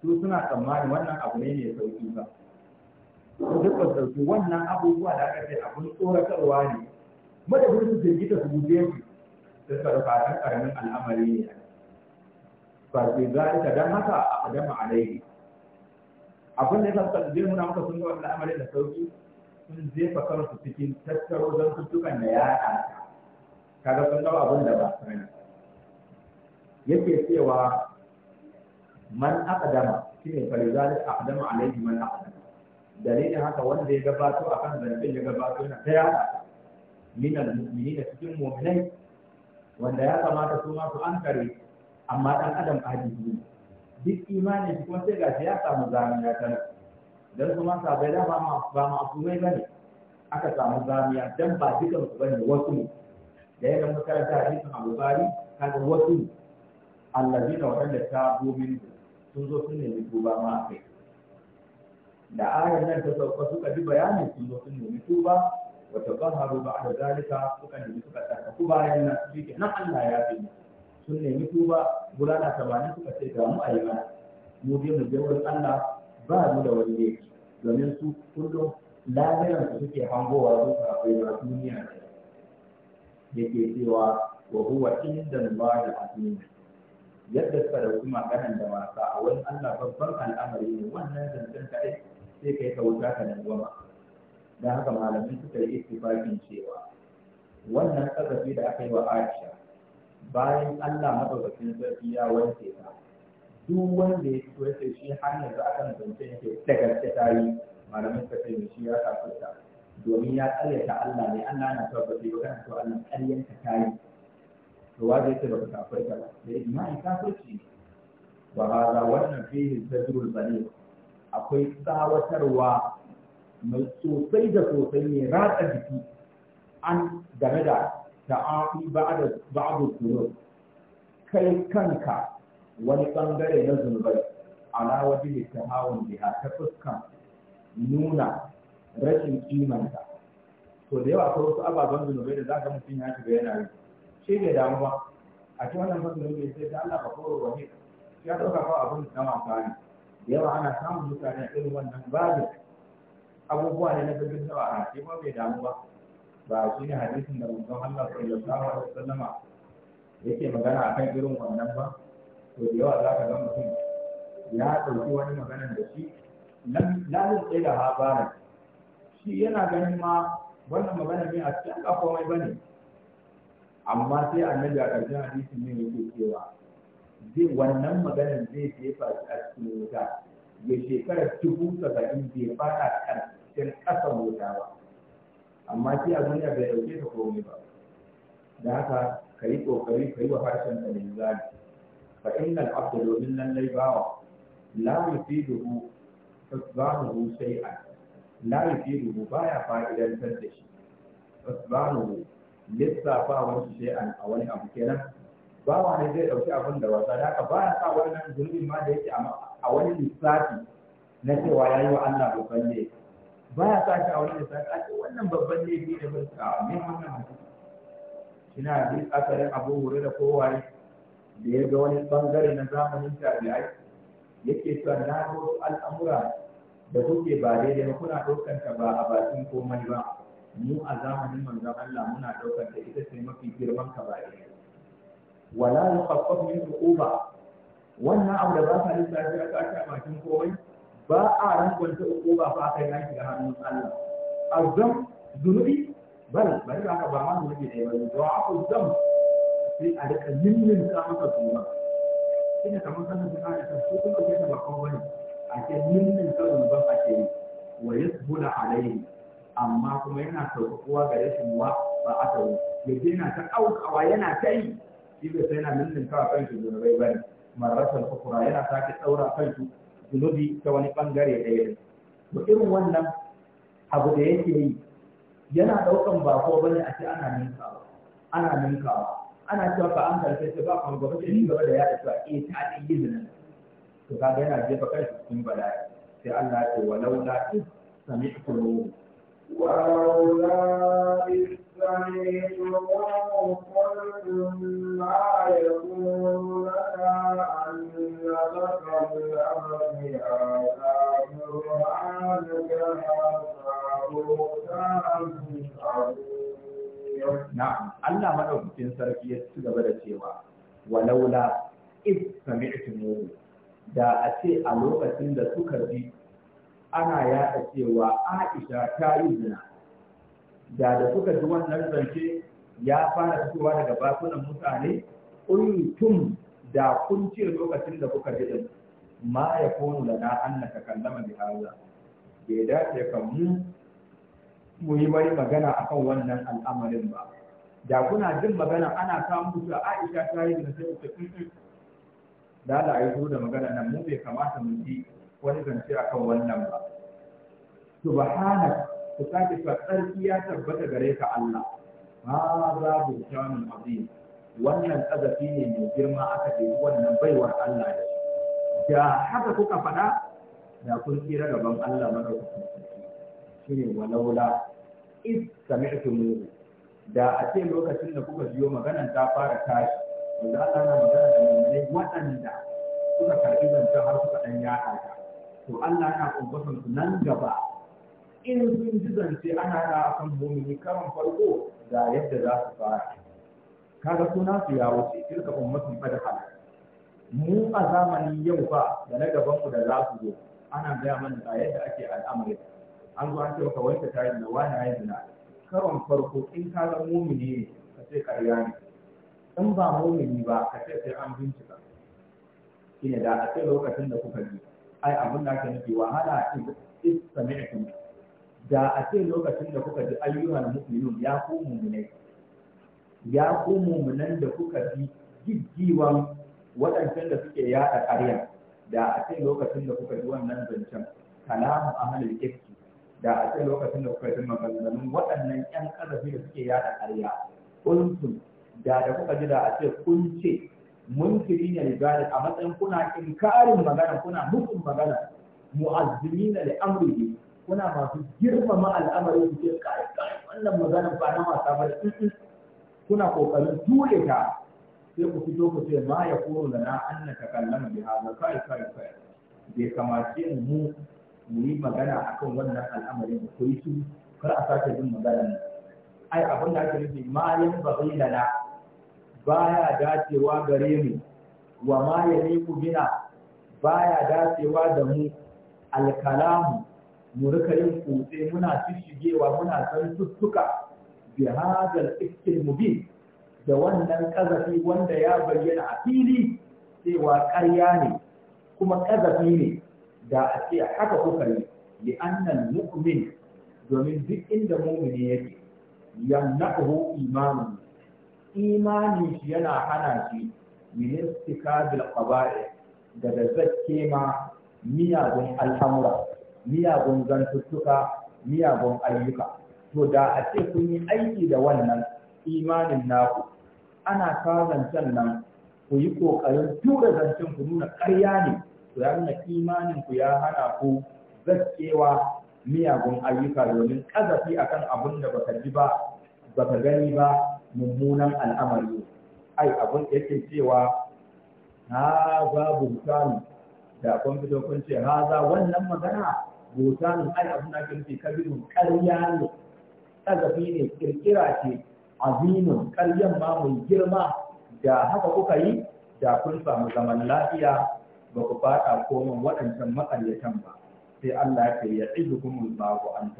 su suna tsammani wannan abu ne mai sauki ba duk ba sauki wannan abubuwa da aka ce abun tsoratarwa ne madadin su jirgita su guje su sai ka rufa ɗan ƙaramin al'amari ne ba sai za ita don haka a adama alaihi abin da ya sassa zai maka sun ga al'amari da sauki sun jefa kansu cikin tattaro tukan da ya ɗata kaga sun dawo abin da ba su rani yake cewa man aqdama shine fa yuzalik aqdama alayhi man aqdama dalilin haka wanda ya gabato akan zargin ya gabato yana ta yada min da cikin mu'minai wanda ya kamata su ma su ankare amma dan adam ajizi ne duk imanin shi kuma sai ya samu zamiya ta dan kuma bai da ba ma ba ma bane aka samu zamiya dan ba dukan su bane wasu ne da yana makaranta hadisin Abu Bari kaga wasu ne allazina wa ta tabu sun zo sun nemi tuba ma a kai da ayar nan ta sauka suka bi bayanin sun zo sun nemi tuba wata haru ba da zalika suka nemi suka tsarkaku bayan nan su ke nan Allah ya fi sun nemi tuba bulala tamanin suka ce ga mu a yi mana mu je mu je wurin Allah ba mu da wani ne domin su kullum lamiran su suke hangowa su kafai ba duniya ne yake cewa wa huwa inda ba da azimi yadda suka dauki maganan da masa a wani Allah babban al'amari ne wannan zancen kaɗai sai kai ka wuta ka dangwama don haka malamin suka yi ittifaqin cewa wannan kasafi da aka yi wa Aisha bayan Allah madaukakin sarki ya wanke ta duk wanda ya fito ya ce hanyar har yanzu akan zancen yake ta gaske ta yi malamai suka ce shi ya domin ya tsare ta Allah ne Allah na tabbata yau kana so Allah ƙaryanka ta yi to wa zai ce baka kafirta ba da ijma'i kafirci ne wa hada wannan fihi tadrul ne, akwai tsawatarwa mai sosai da sosai ne ratsa jiki an game da ta'afi ba'da ba'da zunub kai kanka wani bangare na zunubai ala ta hawan biha ta fuskan nuna rashin kimanta to da yawa akwai wasu ababen zunubai da zaka mutum ya shiga yana yi sai bai damu ba a ce wannan musulun bai sai da Allah ba koro wa ne ya ɗauka ba abin da amfani da yawa ana samun mutane irin wannan babu abubuwa ne na gaggawa da a sai ba bai damu ba ba shi ne hadisin da manzon Allah sallallahu alaihi wasallama yake magana akan irin wannan ba to da yawa za ka ga mutum ya ɗauki wani maganan da shi lamin tsaye da habara shi yana ganin ma wannan maganar ne a cikin ba komai ba ne amma sai annabi a ƙarshen hadisin ne yake cewa zai wannan maganar zai jefa shi a cikin wuta ya shekara dubu saba'in bai faɗa ƙarshen ƙasa wuta ba amma sai a duniya bai ɗauke ka komai ba da haka ka yi ƙoƙari ka yi wa harshen ka ne zali fa innal abdu domin nan lallai bawa la yusiduhu sai shay'an la ba baya fa'idantar da shi tasbahu lissafa wani shi a wani abu kenan ba wa ne zai dauki abin da wasa da haka ba ya sa nan zulmin ma da yake a wani lissafi na cewa yayi wa Allah babban ne ba ya sa shi a wani lissafi a ce wannan babban ne da bai sa ne wannan hadisi ina bi asalin abu wuri da kowaye da ya ga wani bangare na zamanin tabi'ai yake cewa na wasu al'amura da kuke ba daidai ba kuna ɗaukanta ba a bakin komai ba mu a zamanin manzon Allah muna ɗaukar da ita ce mafi girman kabari wala yuqaffaf min uquba wannan abu da ba sa lissafi a kashi a bakin komai ba a rangwanta ba a kai na shiga hannun Allah azam zunubi bal bari haka ba ma zunubi ne ba zuwa aku zam sai a rika nimmin ta maka tsoron kina kamar kana da aisha ko kuma kina ba kawai a ce nimmin ka zunuban ake yi wa yasbula alaihi amma kuma yana kuwa ga rashin wa ba a tawo ya je yana ta aukawa yana ta yi shi bai sai yana kawa kan shi zunubai ba ne marasar kufura yana sake ɗaura kan shi zunubi ta wani ɓangare da ne to irin wannan abu da yake yi yana ɗaukan ba ko bane a ce ana ninkawa ana ninkawa ana cewa ba an karfe ce ba kuma gwamnati ne gaba da yaɗa cewa eh ta ɗin yin nan to kaga yana jefa kan shi cikin bala'i sai Allah ya ce walau la sami ولولا إذ سمعتموه قلتم ما يكون Na'am, Allah maɗaukakin sarki ya ci gaba da cewa, walaula if sami'tu da a ce a lokacin da suka ji ana yaɗa cewa Aisha ta yi zina da da suka ji wannan zance ya fara fitowa daga bakunan mutane kuntum da kun ce lokacin da kuka ji din ma ya kono da na kallama bi haza bai dace kan mu mu yi bari magana akan wannan al'amarin ba da kuna jin magana ana samun su Aisha ta yi zina sai ku ce da Allah ayi da magana nan mu bai kamata mu ji wani zance kan wannan ba subhanak ku sake fa iya tabbata gare ka Allah ma za ku shamin azim wannan tsadafi ne mai girma aka ce wannan baiwar Allah da da haka kuka faɗa da kun tsira gaban Allah madaukakin sarki shine walaula is sami'tumuhu da a ce lokacin da kuka biyo maganan ta fara tashi wanda Allah na magana da mummunai waɗanda suka karɓi zancen har suka ɗan yaɗa ta to Allah yana kumbatan su nan gaba in sun ji zance ana da kan mumini karon farko ga yadda za su fara kaga suna su ya wuce tilka ummatun qad hala mu a zamanin yau ba da na gaban ku da za su zo ana gaya mana ga yadda ake al'amari an zo an ce ka wanke yi, da wani ya zina karon farko in ka ga mumini ne ka ce ƙarya ne in ba mumini ba ka ce sai an bincika shine da a ce lokacin da kuka ji ai abin da aka nufi wahala in istami'tum da a ce lokacin da kuka ji ayyuhan mu'minun ya ku mu'minai ya ku mu'minan da kuka ji jijjiwan wadancan da suke yaɗa ƙarya da a ce lokacin da kuka ji wannan zancen kalamu ahlul ifki da a ce lokacin da kuka ji maganganun waɗannan ƴan ƙazafi da suke yaɗa ƙarya kuntum da da kuka ji da a ce kun ce munkiri ne gari a matsayin kuna inkarin magana kuna mutum magana mu'azzimi na al'amri kuna masu girmama al'amarin su ce kai kai wannan maganar ba na wasa ba kuna kokarin ture ta sai ku fito ku ce ma ya koro da na an na bi hada kai kai kai bai kamace mu mu yi magana akan wannan al'amarin ku yi su kar a sake jin maganar ai abin da ake nufi ma yan da na. baya dacewa gare mu wa ma ku bina baya dacewa da mu alkalamu mu rika yin kutse muna shishigewa muna san tuttuka bi hadal ifkil mubin da wannan kazafi wanda ya bayyana a fili cewa ƙarya ne kuma kazafi ne da a ce haka kuka yi li annal mu'min domin duk inda mu'mini yake yamna'uhu imanuhu imani shi yana hana shi ministika bil qaba'i daga zakke ma miyagun alhamura miyagun zantuttuka miyagun ayyuka to da a ce kun yi aiki da wannan imanin naku ana kazancan nan ku yi ƙoƙarin tura zancen ku nuna ƙarya ne to ya nuna imanin ku ya hana ku zakkewa miyagun ayyuka domin ƙazafi akan abin da baka ji ba baka gani ba mummunan al'amari ai abin yake cewa ha za bukanu da kun fito kun ce ha za wannan magana bukanu ai abin da kirki kabirun ƙarya ne tsagafi ne kirkira ce azimin ƙaryan ma mai girma da haka kuka yi da kun samu zaman lafiya ba ku faɗa koman waɗancan maƙaryatan ba sai Allah ya ce ya idu kuma ba ku an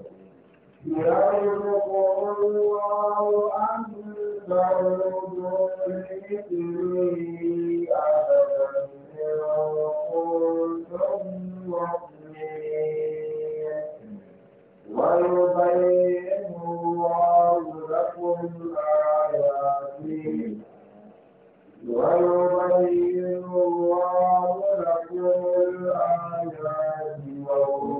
لا يذكر الله أنه يحيي أبدا كنتم مؤمنين ويبين الله لكم آياته ويبين الله لكم الآيات وهو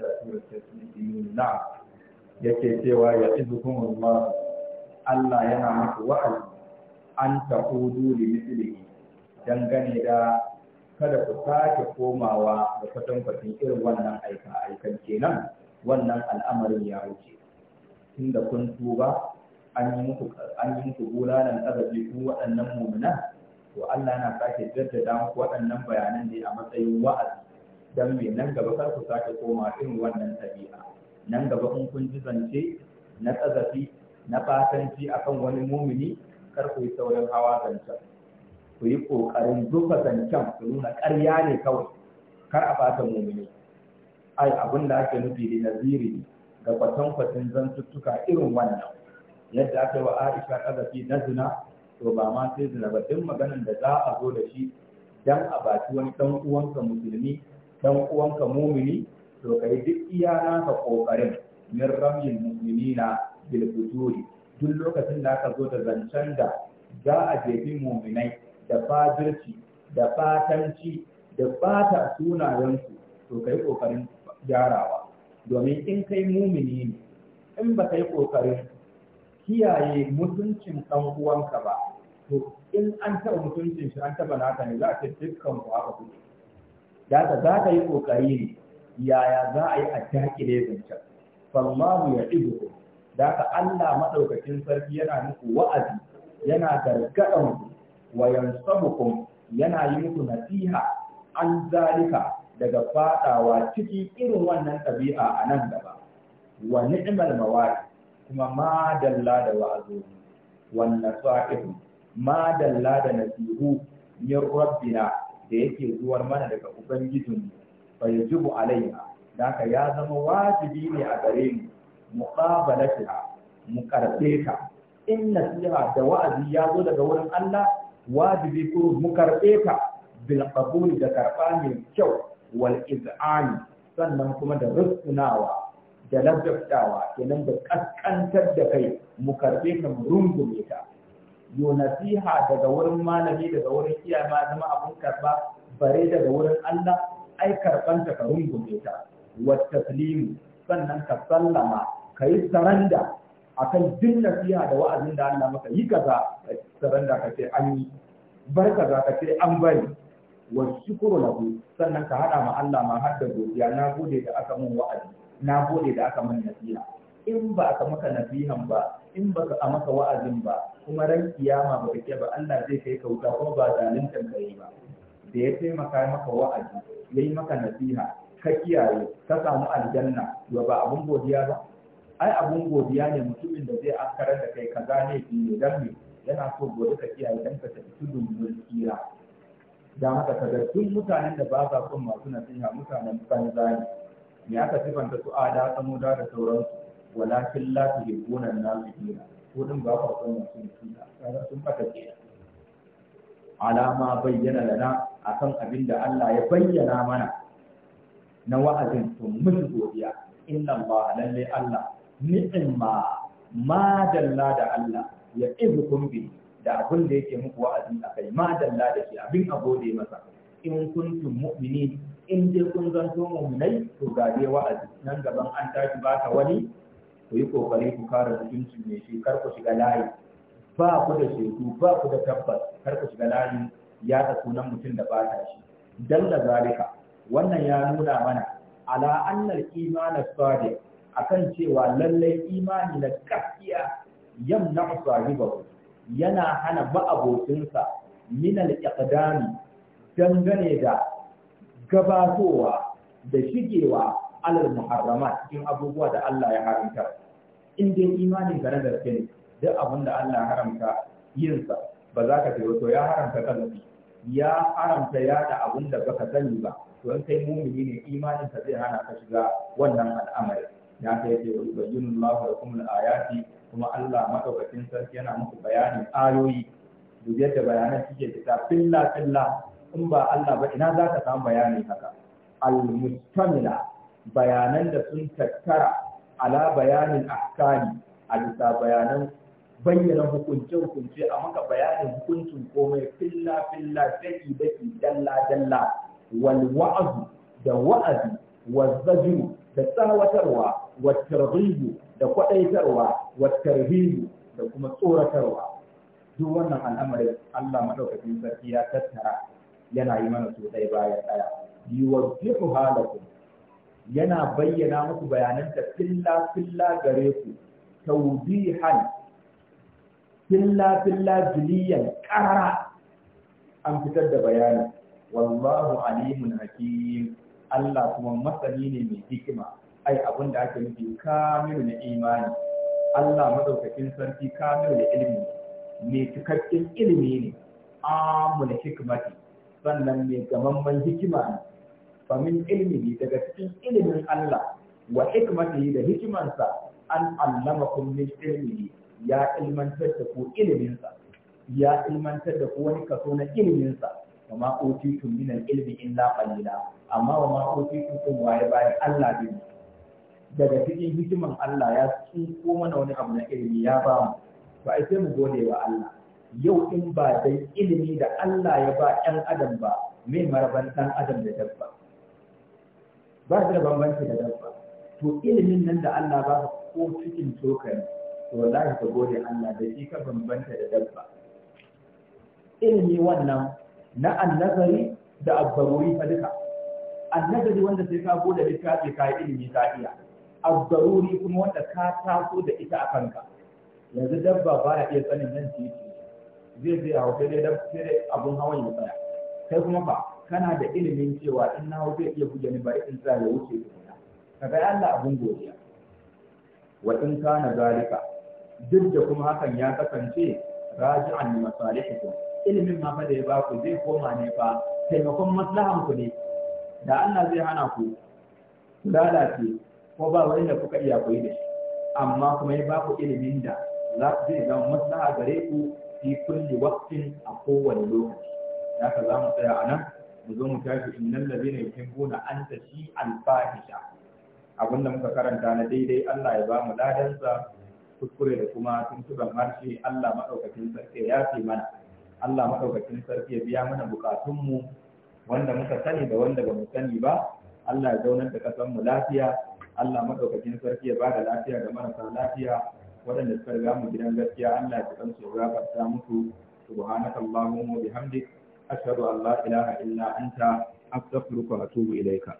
karatu da na yake cewa ya izukum Allah Allah yana muku wa'azi an tahudu li mithlihi dangane da kada ku sake komawa da kwatankwacin irin wannan aika aikan kenan wannan al'amarin ya wuce tunda kun tuba an yi muku an yi kun bulalan waɗannan muminan, to Allah yana sake jaddada muku waɗannan bayanan ne a matsayin wa'azi Dan me nan gaba kar ku sake koma irin wannan tabi'a nan gaba in kun ji zance na tsazafi na fatanci akan wani mumini kar ku yi saurin hawa zancen ku yi ƙoƙarin duka zancen ku nuna ƙarya ne kawai kar a fata mumini ai abin da ake nufi da naziri ga kwatankwacin zantuttuka irin wannan yadda aka yi wa aisha tsazafi na zina to ba ma sai zina ba duk maganin da za a zo da shi dan a baci wani ɗan uwanka musulmi dan uwanka mumini to kai duk iya naka kokarin min ramyil mu'minina bil fujuri duk lokacin da aka zo da zancen da za a jefi muminai da fajirci da fatanci da bata sunayensu to kai kokarin gyarawa domin in kai mumini ne in ba kai kokarin kiyaye mutuncin dan uwanka ba to in an taɓa mutuncin shi an taɓa naka ne za a ce dukkan ku haka kuke Daka haka za ka yi kokari ne yaya za a yi a dakile zancen fallahu ya idu da haka Allah madaukakin sarki yana muku wa'azi yana gargadan ku wa yansabukum yana yi muku nasiha an zalika daga fadawa ciki irin wannan tabi'a a nan gaba wa ni'mal mawari kuma ma dalla da wa'azi wannan nasaihu ma dalla da nasihu min rabbina da yake zuwar mana daga ubangijin fa yajibu alaiha da ya zama wajibi ne a gare mu muqabalatiha mu karbe ka in nasiha da wa'azi ya zo daga wurin Allah wajibi ko mu ka bil ƙabuli da karɓa mai kyau wal iz'ani sannan kuma da rufunawa da ladabtawa, kenan da kaskantar da kai mu karɓe ka mu rungume ta. yo daga wurin malami daga wurin iyaye zama abun karba bare daga wurin Allah ai ta ka rungume ta wa taslimu sannan ka sallama ka yi saranda akan duk nasiha da wa'azin da Allah maka yi kaza saranda ka ce an yi bar kaza ka ce an bari wa shukuru lahu sannan ka hada ma Allah ma har da godiya na gode da aka mun wa'azi na gode da aka mun nasiha in ba ka maka nasihan ba in ba a maka wa'azin ba kuma ran kiyama ba kake ba Allah zai kai ka wuta kuma ba zalunta ka ba da ya taimaka maka wa'azi yayi maka nasiha ka kiyaye ka samu aljanna ba ba abun godiya ba ai abun godiya ne mutumin da zai akara da kai kaza ne ne dan me yana so gobe ka kiyaye dan ka tafi tudun mulkiya da maka ka duk mutanen da ba sa son masu nasiha mutanen banza ne me aka sifanta su ada samuda da sauransu walakin la tuhibbuna an-nasihina ko din ba ku son masu nasiha kaga sun fata kenan alama bayyana lana akan abin da Allah ya bayyana mana na wa'azin to mun godiya inna Allah lalle Allah ni'imma ma dalla da Allah ya izukum bi da abin da yake muku wa'azin akai ma dalla da shi abin a gode masa in kuntum mu'minin in dai kun zanto mu'minai to ga dai wa'azi nan gaban an tashi baka wani ku yi kokari ku kare mutuncin mai shi kar ku shiga layi ba ku da shaidu ba ku da tabbas kar ku shiga layi ya da sunan mutum da ba ta shi dalla zalika wannan ya nuna mana ala annal iman a akan cewa lallai imani na gaskiya yamna sahibahu yana hana ma'abocinsa minal iqdami dangane da gabatowa da shigewa alal muharramat cikin abubuwa da Allah ya haramta in dai imanin ka na gaske ne duk abin da Allah haramta yinsa ba za ka tayo to ya haramta kazafi ya haramta yaɗa abin da baka sani ba to in kai mumini ne imanin ka zai hana ka shiga wannan al'amari ya kai ce wa yubayyinu lakum al-ayati kuma Allah madaukakin sarki yana muku bayanin ayoyi duk da bayanan suke fita filla filla in ba Allah ba ina za ka samu bayani haka al-mustamila bayanan da sun tattara ala bayanin ahkami a bisa bayanan bayyana hukunce-hukunce a maka bayanin hukuncin komai filla-filla daki-daki dalla-dalla wal wa'azu da wa'azi wazzaju da tsawatarwa wa tarbiyu da kwadaitarwa wa tarbiyu da kuma tsoratarwa duk wannan al'amarin Allah madaukakin sarki ya tattara yana yi mana so dai bayan daya yuwaddihu halakum yana bayyana muku bayananta filla filla gare ku tawdihan filla filla jiliyan ƙara an fitar da bayanin wallahu alimun hakim Allah kuma masani ne mai hikima ai abin da ake nufi kamilu na imani Allah madaukakin sarki kamilu na ilimi mai cikakken ilimi ne amul hikmati sannan mai gamamman hikima ne famin ilmihi daga cikin ilimin Allah wa hikmatihi da hikimansa an allamakum min ilmihi ya ilmantar da ku iliminsa ya ilmantar da ku wani kaso na iliminsa wa ma utitum min ilmi illa qalila amma wa ma utitum kun waye bayan Allah bin daga cikin hikiman Allah ya tsinko mana wani abu na ilimi ya ba mu ba sai mu gode wa Allah yau in ba dai ilimi da Allah ya ba ɗan adam ba mai maraban ɗan adam da dabba ba su da bambanci da dabba to ilimin nan da Allah ba ko cikin cokali, to wallahi ka gode Allah da shi ka bambanta da dabba ilimi wannan na annazari da abbaruri fa duka annazari wanda sai ka gode littafi ka yi ilimi ka iya abbaruri kuma wanda ka taso da ita a kanka yanzu dabba ba ya iya tsanin nan titi zai zai hau sai dai abun hawan ya tsaya kai kuma fa kana da ilimin cewa in na zai iya buge ni bari in sa ya wuce tukuna ka ga Allah abun godiya wa in kana zalika duk da kuma hakan ya kasance raji'an li masalihikum ilimin ma fa da ya baku zai koma ne fa taimakon maslahan ku ne da Allah zai hana ku lalace ko ba wani da kuka iya koyi da shi amma kuma ya baku ilimin da zai zama maslaha gare ku fi kulli waqtin a kowane lokaci haka za mu tsaya a nan mu zo mu tashi innal ladina yuhibbuna an tashi al fahisha abin da muka karanta na daidai Allah ya bamu mu ladansa kuskure da kuma tuntuban harshe Allah madaukakin sarki ya fi mana Allah madaukakin sarki ya biya mana bukatun mu wanda muka sani da wanda ba mu sani ba Allah ya zaunar da kasan mu lafiya Allah madaukakin sarki ya bada lafiya ga marasa lafiya waɗanda suka riga mu gidan gaskiya Allah ya kansu ya gafarta musu subhanakallahumma wa bihamdika ashhadu an la ilaha illa anta astaghfiruka wa atubu ilaika